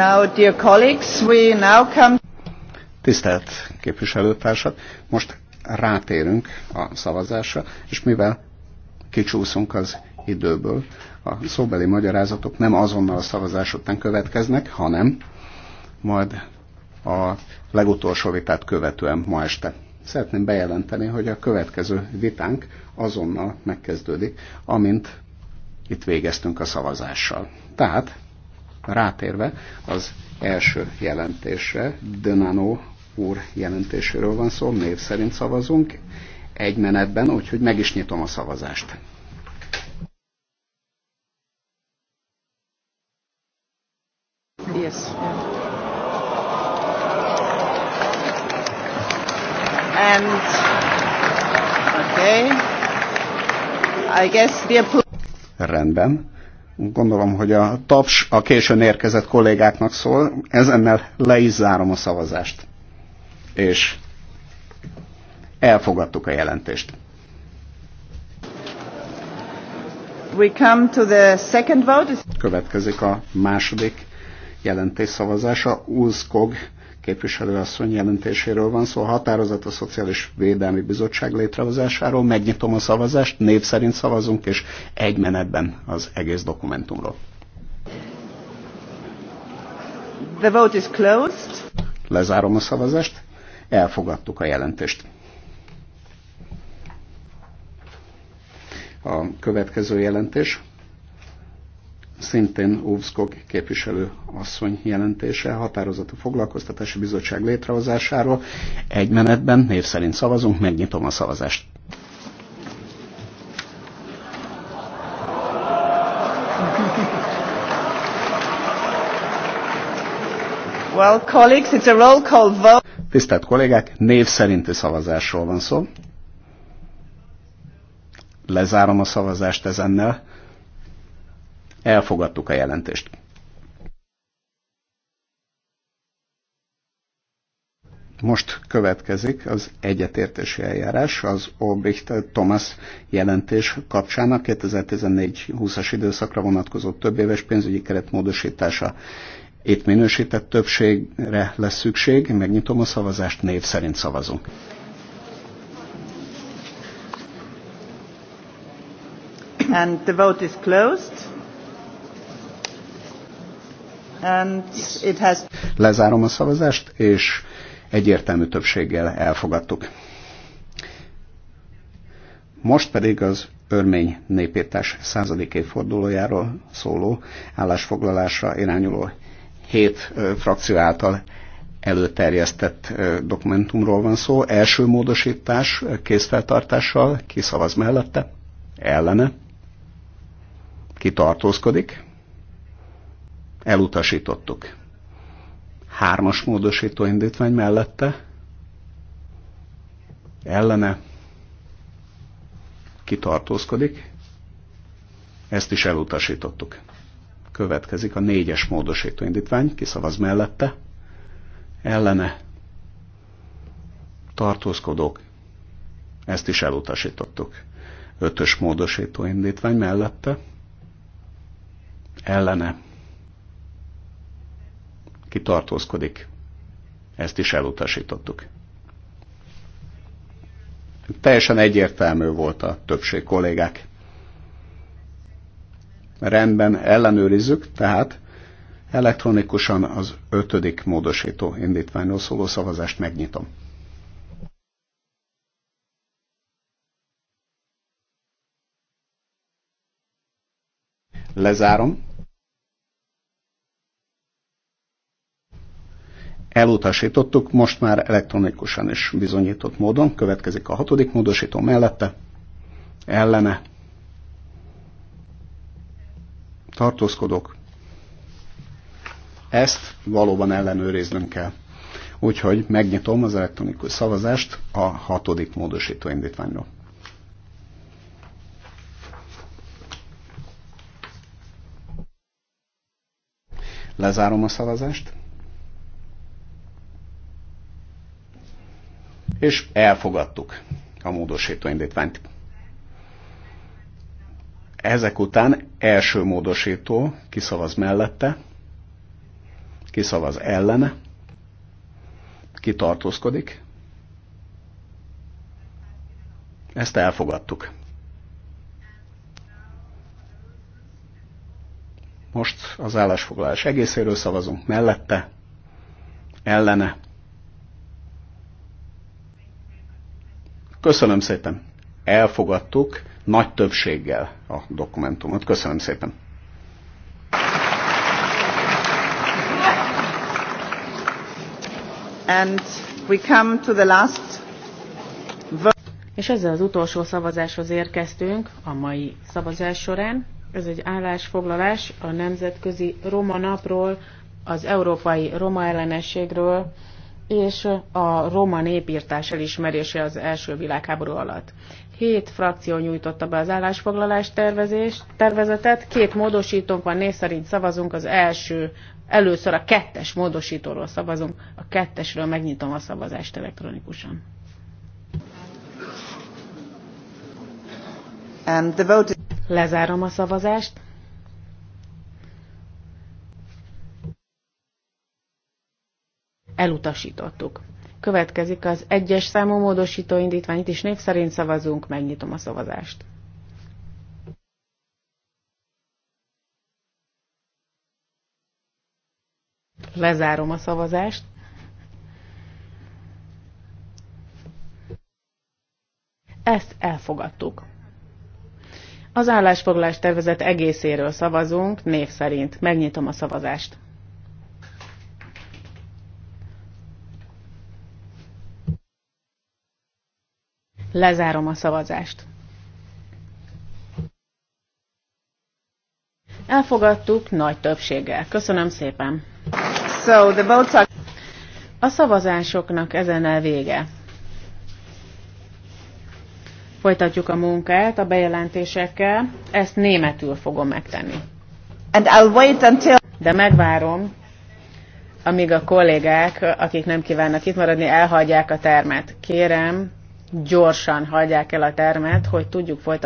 Now, dear colleagues, we now come... Tisztelt képviselőtársak, most rátérünk a szavazásra, és mivel kicsúszunk az időből, a szóbeli magyarázatok nem azonnal a szavazás után következnek, hanem majd a legutolsó vitát követően ma este. Szeretném bejelenteni, hogy a következő vitánk azonnal megkezdődik, amint itt végeztünk a szavazással. Tehát Rátérve az első jelentésre, Dönano úr jelentéséről van szó, név szerint szavazunk, egy menetben, úgyhogy meg is nyitom a szavazást. Yes. And okay. I guess the Rendben. Gondolom, hogy a taps a későn érkezett kollégáknak szól. Ezennel le is zárom a szavazást. És elfogadtuk a jelentést. We come to the second vote. Következik a második jelentés szavazása. Úzkog képviselőasszony jelentéséről van szó, határozat a Szociális Védelmi Bizottság létrehozásáról. Megnyitom a szavazást, név szerint szavazunk, és egy menetben az egész dokumentumról. The vote is closed. Lezárom a szavazást. Elfogadtuk a jelentést. A következő jelentés szintén Úvszkog képviselő asszony jelentése, határozatú foglalkoztatási bizottság létrehozásáról. Egy menetben név szerint szavazunk, megnyitom a szavazást. Well, colleagues, it's a roll call vote. Tisztelt kollégák, név szerinti szavazásról van szó. Lezárom a szavazást ezennel. Elfogadtuk a jelentést. Most következik az egyetértési eljárás az Obricht Thomas jelentés kapcsán a 2014-20-as időszakra vonatkozó többéves pénzügyi keret módosítása. Itt minősített többségre lesz szükség, megnyitom a szavazást, név szerint szavazunk. And the vote is closed. And it has... Lezárom a szavazást, és egyértelmű többséggel elfogadtuk. Most pedig az örmény népírtás századik évfordulójáról szóló állásfoglalásra irányuló hét frakció által előterjesztett dokumentumról van szó. Első módosítás készfeltartással, ki szavaz mellette, ellene, ki tartózkodik, Elutasítottuk. Hármas módosító indítvány mellette. Ellene. Kitartózkodik. Ezt is elutasítottuk. Következik a négyes módosító indítvány. Kiszavaz mellette. Ellene. Tartózkodók. Ezt is elutasítottuk. Ötös módosító indítvány mellette. Ellene aki tartózkodik. Ezt is elutasítottuk. Teljesen egyértelmű volt a többség kollégák. Rendben, ellenőrizzük, tehát elektronikusan az ötödik módosító indítványról szóló szavazást megnyitom. Lezárom. elutasítottuk, most már elektronikusan is bizonyított módon. Következik a hatodik módosító mellette, ellene, tartózkodok. Ezt valóban ellenőriznünk kell. Úgyhogy megnyitom az elektronikus szavazást a hatodik módosító indítványról. Lezárom a szavazást. és elfogadtuk a módosító indítványt. Ezek után első módosító kiszavaz mellette, kiszavaz ellene, kitartózkodik. Ezt elfogadtuk. Most az állásfoglalás egészéről szavazunk mellette, ellene, Köszönöm szépen. Elfogadtuk nagy többséggel a dokumentumot. Köszönöm szépen. And we come to the last és ezzel az utolsó szavazáshoz érkeztünk a mai szavazás során. Ez egy állásfoglalás a Nemzetközi Roma Napról, az Európai Roma Ellenességről, és a roma népírtás elismerése az első világháború alatt. Hét frakció nyújtotta be az állásfoglalás tervezést, tervezetet, két módosítónk van, név szerint szavazunk, az első, először a kettes módosítóról szavazunk, a kettesről megnyitom a szavazást elektronikusan. Um, the vote... Lezárom a szavazást. Elutasítottuk. Következik az egyes számú módosító indítványt is név szerint szavazunk, megnyitom a szavazást. Lezárom a szavazást. Ezt elfogadtuk. Az állásfoglalás tervezet egészéről szavazunk, név szerint. Megnyitom a szavazást. Lezárom a szavazást. Elfogadtuk nagy többséggel. Köszönöm szépen. So the votes are... A szavazásoknak ezen el vége. Folytatjuk a munkát a bejelentésekkel. Ezt németül fogom megtenni. And I'll wait until... De megvárom, amíg a kollégák, akik nem kívánnak itt maradni, elhagyják a termet. Kérem, gyorsan hagyják el a termet, hogy tudjuk folytatni